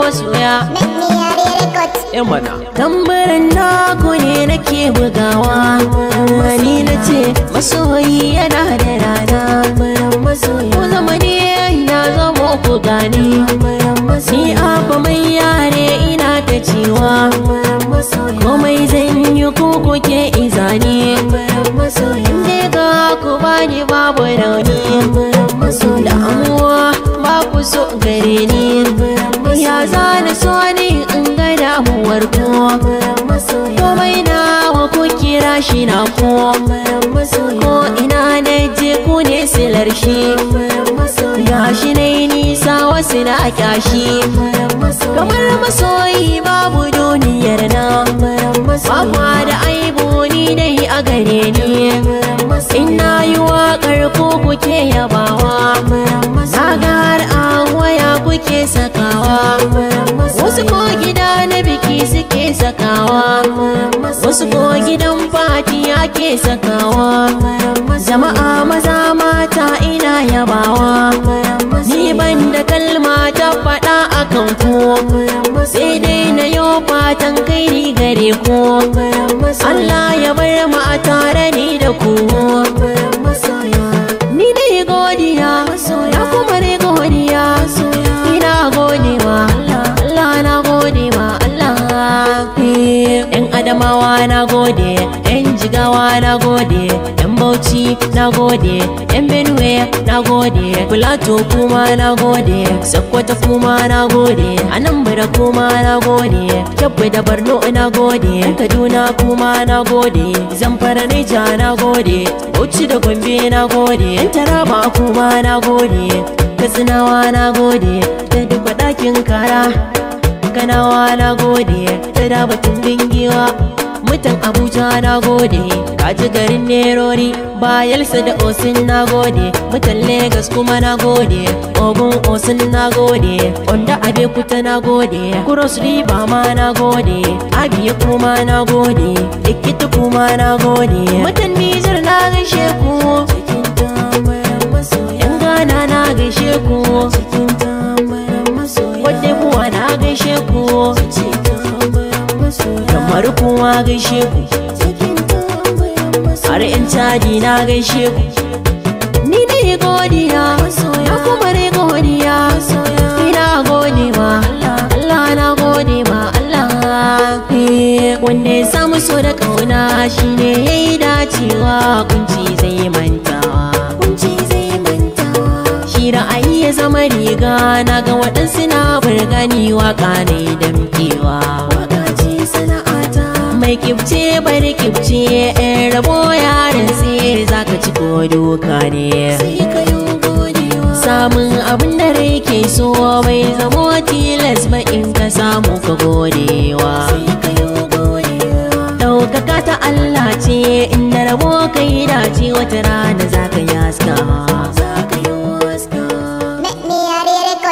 masoya ya mana tambarin ne nake bugawa mani na ce masoyi yana da rana ko zama ne zama ku gane ni abu mai yare ina ta cewa komai zan yi kuku ke izane inda ga ku bani babu rauni da amuwa ba ku so gare ni tashi na ko ko ina na je ku ne silar shi gashi na yi nisa wasu na kyashi kamar masoyi babu duniyar na a da aibu ni dai a gare ni ina yi waƙar ko kuke yabawa na gar a waya kuke sakawa wasu ko gida na biki suke sakawa wasu ko gidan fati ke sakawa jama'a maza mata ina yabawa ni ban da kalma ta faɗa kan ko sai dai na yi fatan kai ni gare ko Allah ya bar mu a tare ni da ku jigawa na gode yan jigawa na gode yan bauchi na gode yan benue na gode kulato kuma na gode sokoto kuma na gode anambra kuma na gode kyabbe da barno na gode kaduna kuma na gode zamfara ja na gode bauchi da gombe na gode yan taraba kuma na gode katsinawa na gode da duk ɗakin kara kanawa na gode da dabatin dingiwa mutan abuja na gode kaji garin nerori bayelsa da osin na gode mutan Legas kuma na gode ogun osin na gode onda abekuta na gode cross river ma na gode abiya kuma na gode ikita kuma na gode mutan nijar na gaishe ku yan gana na gaishe ku wadda na gaishe ku kamar kuma gaishe ku har in cadi na gaishe ku ni ne godiya na kuma ne godiya ina gode ma Allah na gode ma Allah eh, wanda ya samu so da kauna ya yi dacewa kunci zai mantawa shi ra'ayi ya zama riga na ga waɗansu na burgani waƙa ne damkewa kibce bari kibce in rabo yaran za zaka ci ko doka ne samun abin da rai ke so bai zamo tilas ba in ka samu ka godewa daukaka ta Allah ce inda rabo kai dace wata rana zaka yaska